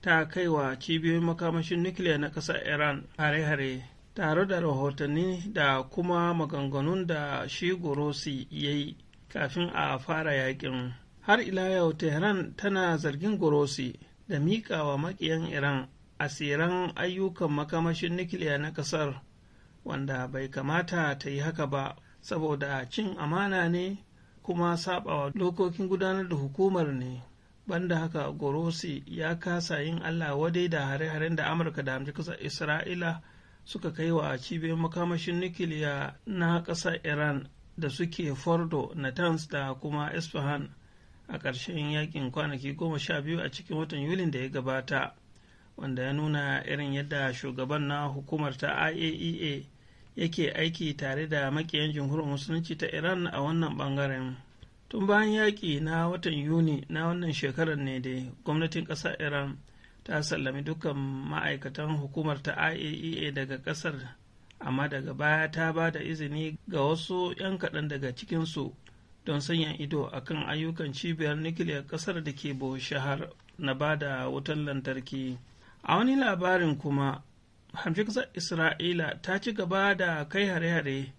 ta kai wa cibiyoyin makamashin nukiliya na ƙasar iran hare-hare tare da rahotanni da kuma maganganun da shi gorosi ya yi kafin a fara yakin har ila yau tehran tana zargin gorosi da miƙa wa maƙiyan iran asiran ayyukan makamashin nukiliya na ƙasar wanda bai kamata ta yi haka ba saboda cin amana ne kuma sabawa dokokin gudanar da hukumar ne banda haka gorosi ya kasa yin allah wadai da hare-haren da amurka da amurka kasar isra'ila suka kai wa cibiyar makamashin nukiliya na ƙasar iran da suke fordo natanz da kuma isfahan a ƙarshen yakin kwanaki goma sha biyu a cikin watan yulin da ya gabata wanda ya nuna irin yadda shugaban na hukumar ta iaea e yake aiki tare da makiyan jamhuriyar musulunci ta iran a wannan bangaren tun bayan yaƙi na watan yuni na wannan shekarar ne dai gwamnatin ƙasar iran ta sallami dukkan ma'aikatan hukumar ta iaea e daga ƙasar amma daga baya ta ba da izini ga wasu 'yan kaɗan daga cikinsu don sanya ido a kan ayyukan cibiyar nukiliyar ƙasar da ke shahar na ba da wutan lantarki a wani labarin kuma hamshiksar isra'ila ta ci gaba da kai hare-hare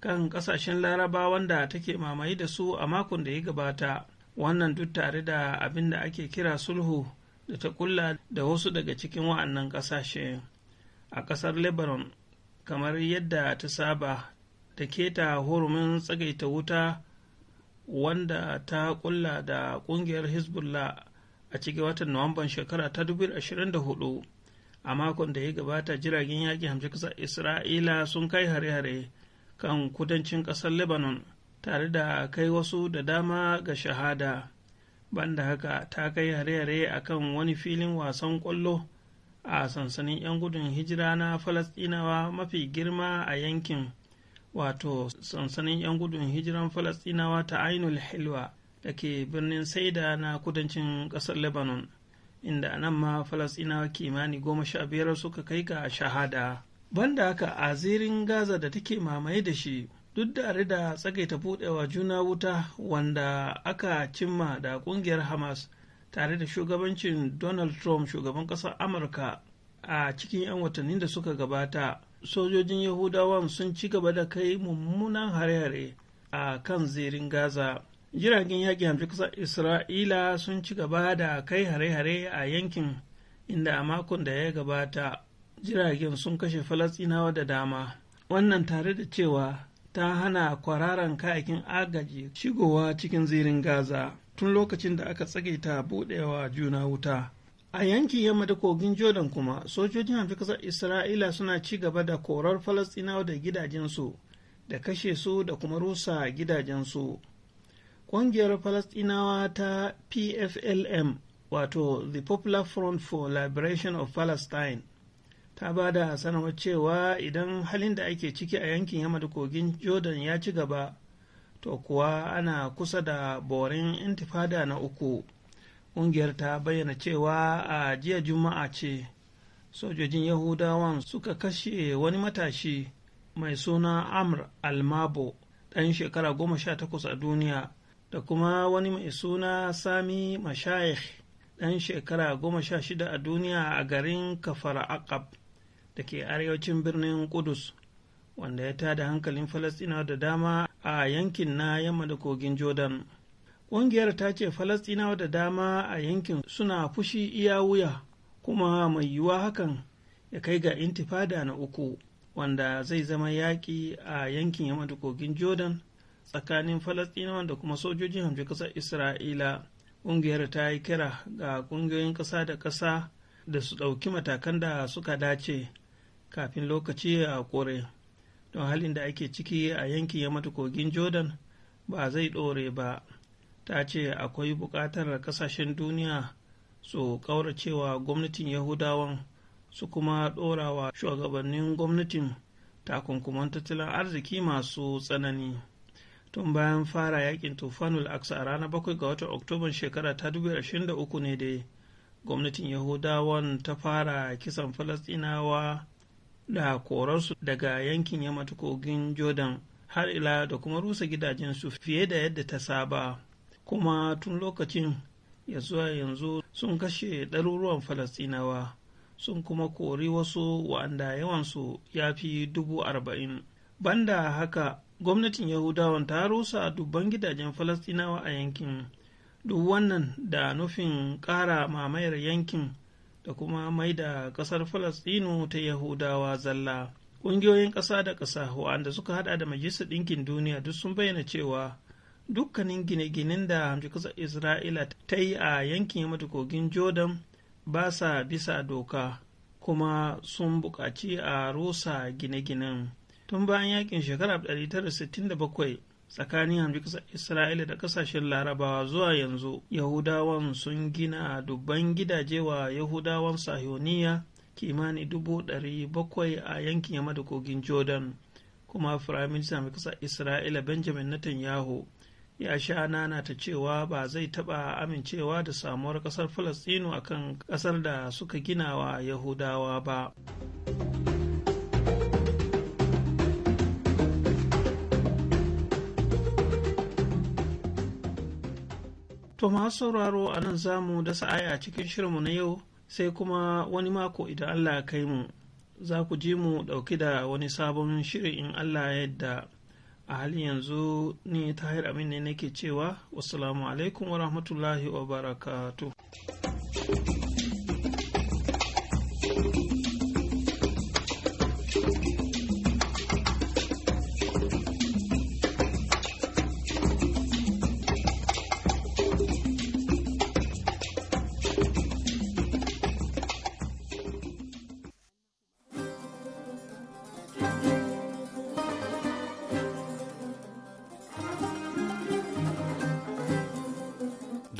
kan kasashen laraba wanda take mamaye da su a makon da ya gabata wannan duk tare da abin da ake kira sulhu da ta kulla da wasu daga cikin wa'annan kasashe a kasar lebanon kamar yadda ta saba ta keta hurumin tsagaita wuta wanda ta kulla da kungiyar hezbollah a cikin watan nuwamban shekara ta 2024 a makon da ya gabata jiragen yaƙi hamsin ƙasar isra'ila sun kai hare-hare kan kudancin ƙasar lebanon tare da kai wasu da dama ga shahada banda haka ta kai hare-hare a kan wani filin wasan kwallo a sansanin 'yan gudun hijira na falastinawa mafi girma a yankin wato sansanin 'yan gudun hijiran falastinawa ta ainul hilwa da ke birnin saida na kudancin ƙasar lebanon inda a nan ma falasɗinawa kimani goma sha biyar suka kai ga shahada banda haka a zirin gaza da take mamaye da shi duk da da tsagaita buɗewa juna wuta wanda aka cimma da ƙungiyar hamas tare da shugabancin donald trump shugaban ƙasar amurka a cikin 'yan watannin da suka gabata sojojin yahudawan sun ci gaba da kai mummunan hare-hare a kan zirin gaza jiragen yaƙi hamsin ƙasar isra'ila sun ci gaba da kai hare-hare a yankin inda a makon da ya gabata jiragen sun kashe falasɗinawa da dama wannan tare da cewa ta hana kwararan kayakin agaji shigowa cikin zirin gaza tun lokacin da aka tsage ta budewa juna wuta a yankin yamma da kogin jordan kuma sojojin hamsin ƙasar isra'ila suna ci gaba da korar falastinawa da gidajensu da kashe su da kuma rusa gidajensu ƙungiyar falastinawa ta pflm wato the popular front for liberation of palestine ta ba da sanarwar cewa idan halin da ake ciki a yankin yamma da kogin jordan ya ci gaba to kuwa ana kusa da borin intifada na uku ƙungiyar ta bayyana cewa a jiya juma'a ce sojojin yahudawan suka kashe wani matashi mai suna amr almabo ɗan shekara goma sha takwas a duniya da kuma wani mai suna sami mashayikh ɗan shekara goma sha shida a duniya a garin kafar aqab da ke arewacin birnin kudus wanda ya tada hankalin falastinawa da dama a yankin na yamma da kogin jordan ƙungiyar ta ce falasɗinawa da dama a yankin suna fushi iya wuya kuma mai yiwuwa hakan ya kai ga intifada na uku wanda zai zama yaƙi a yankin yamma da kogin jordan tsakanin Falasɗinawa, da kuma sojojin hamshe ƙasar isra'ila ƙungiyar ta yi kira ga ƙungiyoyin ƙasa da ƙasa da su ɗauki matakan da suka dace kafin lokaci a kore don halin da ake ciki a yankin yamata kogin jordan ba zai ɗore ba ta ce akwai buƙatar ƙasashen duniya su ƙauracewa gwamnatin yahudawan su kuma ɗorawa shugabannin gwamnatin takunkuman tattalin arziki masu tsanani tun bayan fara yakin tufanul aksa a ranar bakwai ga watan oktoban shekara ta uku ne dai gwamnatin yahudawan ta fara kisan falastinawa da korarsu daga yankin yamata kogin jordan har ila da kuma rusa gidajensu fiye da yadda ta saba kuma tun lokacin ya zuwa yanzu sun kashe ɗaruruwan falastinawa sun kuma kori wasu wa'anda yawansu ya fi dubu arba'in banda haka gwamnatin Yahudawa ta rusa dubban gidajen falastinawa a yankin duk wannan da nufin ƙara mamayar yankin da kuma mai da ƙasar falastinu ta yahudawa zalla ƙungiyoyin ƙasa da ƙasa wanda suka hada da majalisar ɗinkin duniya duk sun bayyana cewa dukkanin gine-ginen da ƙasar isra'ila ta yi a yankin yamma kogin jordan ba sa bisa doka kuma sun buƙaci a rusa gine-ginen tun bayan yakin shekara 1967 tsakanin kasa isra'ila da kasashen larabawa zuwa yanzu yahudawan sun gina dubban gidaje wa yahudawan sahioniya kimani dubu ɗari bakwai a yankin yamma da kogin jordan kuma firaminista mai kasar isra'ila benjamin netanyahu ya sha nana ta cewa ba zai taɓa amincewa da samuwar ƙasar falastinu akan kasar da suka gina wa yahudawa ba. To masu sauraro a nan za mu dasa aya cikin shirinmu na yau sai kuma wani mako idan Allah ya kai mu za ku ji mu ɗauki da wani sabon shirin in Allah yadda a halin yanzu ni tahir amin ne nake cewa wasu alaikum wa rahmatullahi wa barakatuh.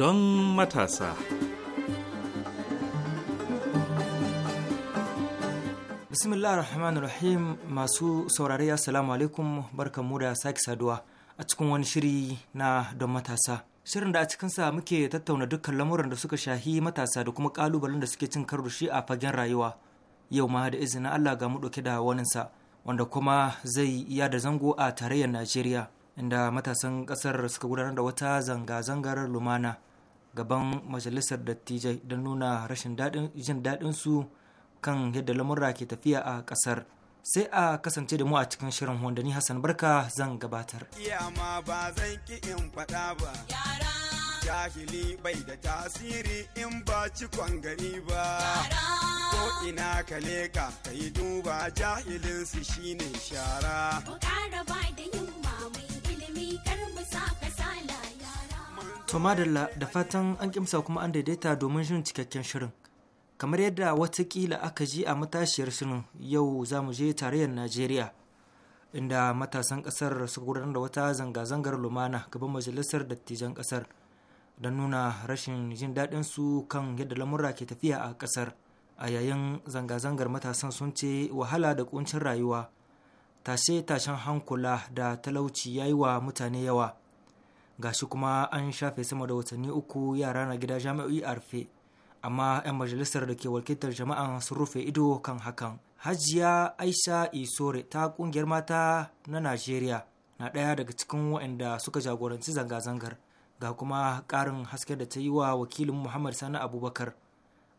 don matasa. Bismillah ar-Rahman rahim masu saurare assalamu alaikum barkanmu da sake saduwa a cikin wani shiri na don matasa. Shirin da a cikinsa muke tattauna dukkan lamuran da suka shahi matasa da kuma kalubalen da suke cin karo shi a fagen rayuwa. Yau ma da izinin Allah ga mu ɗauke da waninsa wanda kuma zai iya da zango a tarayyar Najeriya. inda matasan kasar suka gudanar da wata zanga-zangar lumana gaban majalisar dattijai don nuna rashin jin daɗin su kan yadda lamurra ke tafiya a ƙasar sai a kasance da mu a cikin shirin wanda ni hassan barka zan gabatar iyama ba zan ki in faɗa ba jahili bai da tasiri in ba ci gani ba ko ina ka leka ka yi duba jahilin su shine shara ba da yin mamun ilimi kar mu To madalla da fatan an kimsa kuma an daidaita domin shirin cikakken shirin. Kamar yadda watakila aka ji a matashiyar shirin yau za mu je tarayyar Najeriya. Inda matasan ƙasar suka gudanar da wata zanga-zangar lumana gaban majalisar dattijan ƙasar don nuna rashin jin daɗin su kan yadda lamurra ke tafiya a ƙasar. A yayin zanga-zangar matasan sun ce wahala da ƙuncin rayuwa, tashe-tashen hankula da talauci yayi wa mutane yawa. gashi kuma an shafe sama da watanni uku yara na gida jami'o'i a rufe amma 'yan majalisar da ke wakiltar jama'a sun rufe ido kan hakan hajiya aisha isore ta kungiyar mata na najeriya na ɗaya daga cikin waɗanda suka jagoranci zanga-zangar ga kuma ƙarin haske da ta yi wa wakilin muhammad sani abubakar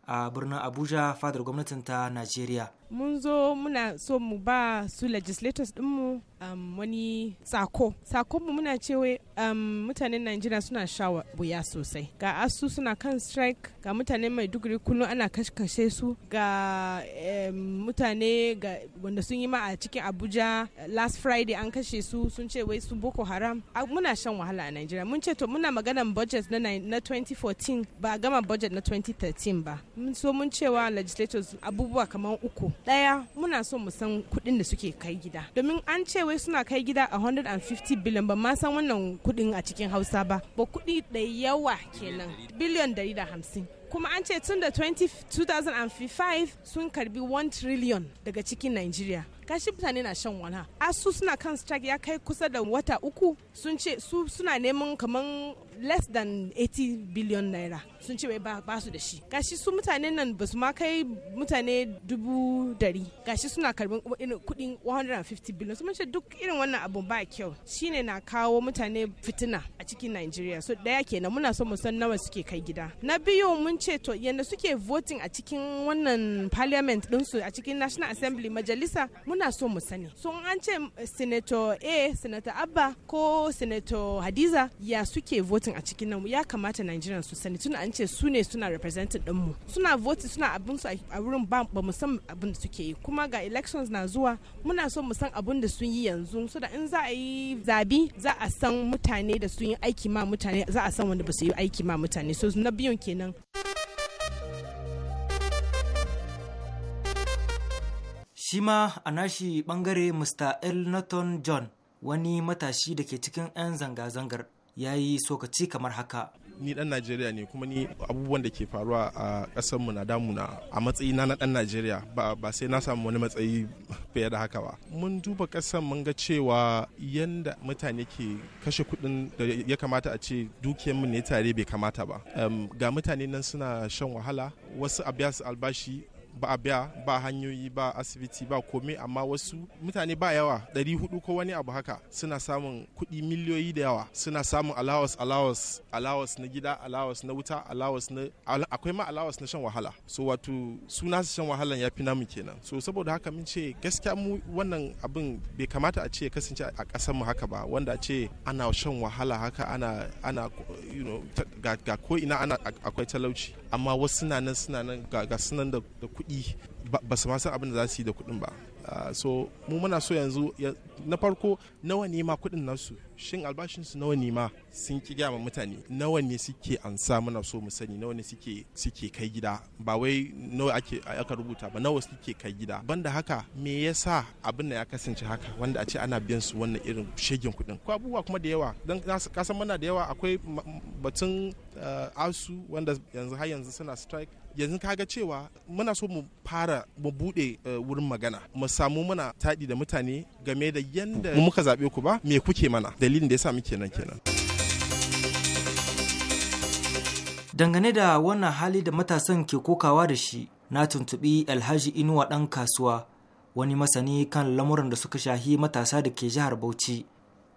a birnin abuja fadar gwamnatin ta najeriya mun zo muna so mu ba su legislators dinmu um, wani sako sakonmu muna cewa um, mutanen najeriya suna sha buya sosai ga asu suna kan strike ga mutane mai maiduguri kullum ana kashe su ga um, mutane wanda sun yi ma a cikin abuja last friday an kashe su sun ce wai su boko haram a, muna shan wahala a najeriya mun ce to muna maganan budget na, na 2014 ba gama budget na 2013 ba mun so mun cewa legislators abubuwa kamar uku daya muna so mu san kuɗin da suke kai gida domin an ce wai suna kai gida a 150 billion ba ma san wannan kuɗin a cikin hausa ba ba kuɗi da yawa kenan biliyan 150 kuma an ce tun da 2005 sun karbi 1 trillion daga cikin nigeria kashi mutane na shan wala su suna kan strike ya kai kusa da wata uku sun ce su suna neman kaman less than 80 billion naira sun ce ba, ba su da shi gashi su mutane nan ba su ma kai mutane dubu dari gashi suna karbin kudin 150 billion sun ce duk irin wannan abu ba kyau shine na kawo mutane fitina a cikin nigeria so daya kenan muna so mu san nawa suke kai gida na biyu mun ce to yanda suke voting a cikin wannan parliament din su a cikin National Assembly majalisa muna so mu sani so an ce eh, senator a senator abba ko senator hadiza ya suke voting a cikin nan ya kamata nigerians su sani tun an ce su ne suna representing mu suna voting suna abin su a wurin ba mu san abin da suke yi kuma ga elections na zuwa muna so mu san abin da sun yi yanzu so da in za a yi zabi za a san mutane da sun yi aiki ma mutane za a san wanda ba su yi aiki ma mutane so na biyun kenan Shi ma a nashi ɓangare Mr. Elnaton John wani matashi da ke cikin 'yan zanga-zangar ya yi sokaci kamar haka. Ni dan Najeriya ne kuma ni abubuwan da ke faruwa a kasar mu na damuna a matsayi na dan Najeriya ba sai na samu wani matsayi fiye da haka ba. Mun duba kasar mun ga cewa yanda mutane ke kashe kudin da ya kamata a ce dukiyar mu ne tare bai kamata ba. Ga mutane nan suna shan wahala wasu a albashi ba a biya ba hanyoyi ba asibiti ba komai amma wasu mutane ba yawa ɗari hudu ko wani abu haka suna samun kuɗi miliyoyi da yawa suna samun alawas alawas alawas na gida alawas na wuta alawas na akwai ma alawas na shan wahala so wato suna su shan wahalan ya fi namu kenan so saboda haka mun ce gaskiya mu wannan abin bai kamata a ce kasance a ƙasar mu haka ba wanda ce ana shan wahala haka ana ana you know ga ko ina ana akwai talauci amma wasu na nan suna nan ga sunan da kuɗi kuɗi ba su san abin da za su yi da kuɗin ba ah, so mu muna so yanzu na farko nawa ne ma kuɗin nasu shin albashinsu nawa ne ma sun ki gaya mutane nawa ne suke ansa muna so mu sani nawa ne suke suke kai gida ba wai nawa ake aka rubuta ba nawa suke kai gida banda haka me yasa abin da ya kasance haka wanda a ce ana biyan su wannan irin shegin kuɗin ko abubuwa kuma da yawa dan kasan muna da yawa akwai batun asu ah, wanda yanzu har yanzu suna strike yanzu ga cewa muna so mu fara mu bude eh, wurin magana mu samu muna taɗi da mutane game da yanda muka zaɓe ku ba me kuke mana dalilin da yasa muke nan kenan dangane da wannan hali da matasan ke kokawa da shi na tuntubi alhaji inuwa dan kasuwa wani masani kan lamuran da suka shahi matasa da ke jihar bauchi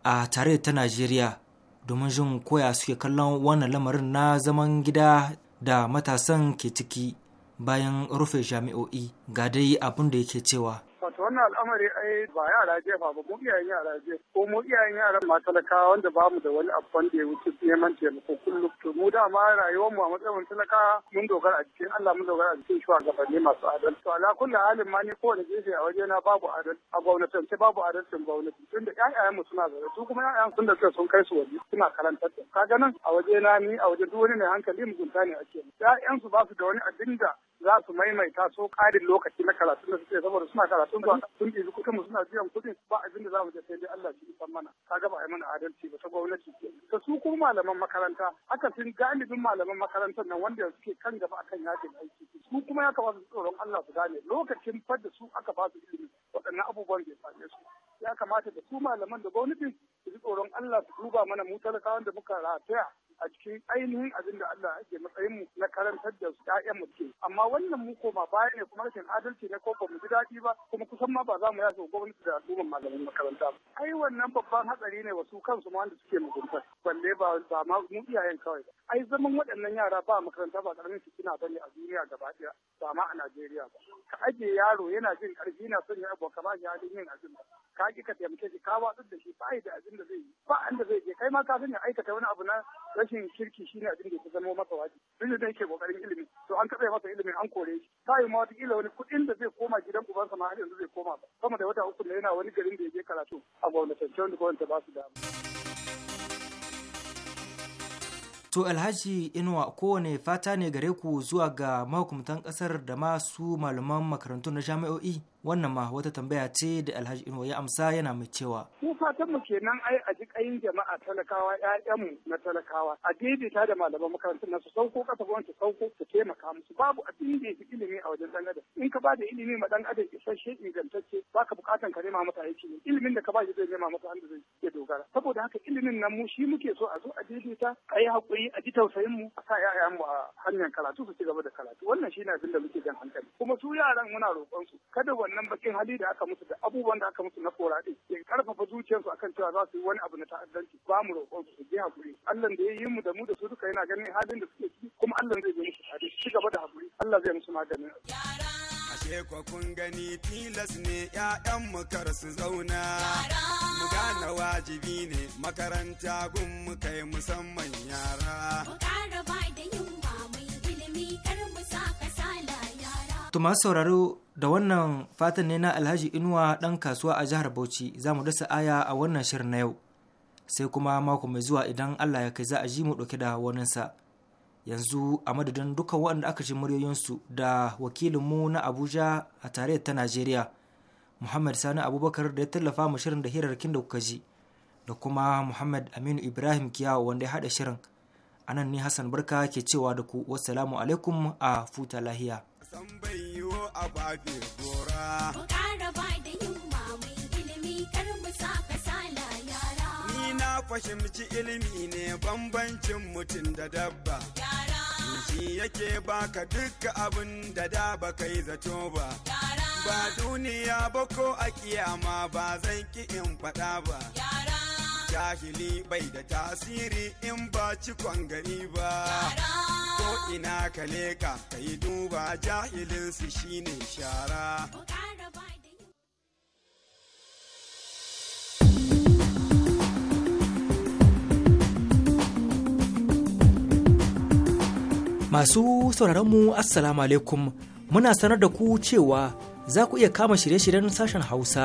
a tare ta najeriya domin jin koya suke kallon wannan lamarin na zaman gida da matasan ke ciki bayan rufe jami'o'i ga dai abin da yake cewa wannan al'amari ai ba yara jefa ba mu iyayen yara je ko mu iyayen yara ma talakawa wanda ba mu da wani abban da ya wuce neman taimako kullum to mu ma rayuwar mu a matsayin talakawa mun dogara a cikin Allah mun dogara a cikin shugabanni masu adalci to ala kullu halin ma ni da gefe a waje na babu adal? a gwamnatance babu adal adalcin gwamnati tunda ƴaƴayen mu suna zaune su kuma ƴaƴan sun da sun kai su waje suna karantar da kaga nan a waje na ni a waje duk wani mai hankali mugunta ne ake ƴaƴan su ba su da wani abin za su maimaita so ƙarin lokaci na karatu da suke saboda suna karatun su zuwa sun ɗibi mu suna biyan kuɗin ba abin da za mu je sai dai Allah shi isan mana ka gaba a yi mana adalci ba ta gwamnati ta su kuma malaman makaranta haka sun galibin malaman makarantar nan wanda suke kan gaba akan yakin aiki su kuma ya kamata su tsoron Allah su gane lokacin fadda su aka ba su ilimi waɗannan abubuwan bai same su ya kamata da su malaman da gwamnatin su ji tsoron Allah su duba mana mu talakawan da muka rataya a cikin ainihin abin da Allah yake matsayinmu na karantar da su ƴaƴan mu amma wannan mu koma baya ne kuma rashin adalci ne ko ba mu ji daɗi ba kuma kusa kan ma ba za mu yafe gwamnati da al'ummar malamin makaranta ba ai wannan babban hatsari ne wasu kansu ma wanda suke mugunta balle ba ba ma mu iyayen kawai ba ai zaman waɗannan yara ba makaranta ba su suna bane a duniya gaba ɗaya ba ma a Najeriya ba ka ajiye yaro yana jin ƙarfi yana son ya abuwa kama ya halin yin azumi. ka ƙi ka taimake shi ka watsar da shi ba da abin da zai yi ba an zai je kai ma ka sani aikata wani abu na rashin kirki shine abin da ta zama masa waje. duk da yake kokarin ilimi to an kaɓe masa ilimi an kore shi ta yi ma wata wani kuɗin da zai koma gidan ubansa ma har yanzu zai koma ba sama da wata uku ne yana wani garin da ya je karatu a gwamnatance wanda gwamnati ba su dama. To Alhaji Inuwa kowane fata ne gare ku zuwa ga mahukumtan ƙasar da masu malaman makarantu na jami'o'i? wannan ma wata tambaya ce da alhaji inuwa ya amsa yana mai cewa mu fatan mu kenan ai a ji kayin jama'a talakawa ƴaƴanmu na talakawa a ta da malaman makarantar nasu sauko kasa gwamnati sauko su taimaka musu babu abin da fi ilimi a wajen dan adam in ka ba da ilimi ma dan adam isasshe ingantacce ba ka bukatan ka nema masa aiki ne ilimin da ka ba shi zai nema masa wanda zai ya dogara saboda haka ilimin nan mu shi muke so a zo a daidaita a yi haƙuri, a ji tausayin mu a sa mu a hanyar karatu su ci gaba da karatu wannan ne abin da muke jan hankali kuma su yaran muna roƙon su kada wani wannan bakin hali da aka musu da abubuwan da aka musu na kora ya karfafa zuciyarsu akan cewa za su yi wani abu na ta'addanci ba mu roƙon su je hakuri Allah da ya yi mu da mu da su duka yana ganin halin da suke ciki kuma Allah zai je musu tare ci gaba da hakuri Allah zai musu maganin Ashe kwa kun gani tilas ne mu kar su zauna mu gane wajibi ne makaranta gun mu kai musamman yara mu ƙara ba da yunwa mai ilimi kar mu sa layi. To masu sauraro da wannan fatan ne na Alhaji Inuwa ɗan kasuwa a jihar Bauchi za mu dasa aya a wannan shirin na yau. Sai kuma mako mai zuwa idan Allah ya kai za a ji mu ɗauke da waninsa. Yanzu a madadin dukkan waɗanda aka ji muryoyinsu da wakilinmu na Abuja a tarayyar ta Najeriya. Muhammad Sani Abubakar da ya tallafa mu shirin da hirarkin da kuka ji. Da kuma Muhammad Aminu Ibrahim Kiyawa wanda ya haɗa shirin. Anan ni Hassan Barka ke cewa da ku wassalamu alaikum a futa lahiya. san bai a babe gora. Ku ƙara ba da yunwa mai ilimi kar mu sa kasala yara. Ni na fahimci ilimi ne bambancin mutum da dabba. Yara. Shi yake baka duka abin da da ba kai zato ba. Yara. Ba duniya ba ko a kiyama ba zan ki in faɗa ba. Yara. jahili bai da tasiri in ba cikon gani ba ko ina ka leka ka yi duba jahilinsu shine shara Masu sauraron mu Assalamu alaikum muna sanar da ku cewa za ku iya kama shirye-shiryen sashen Hausa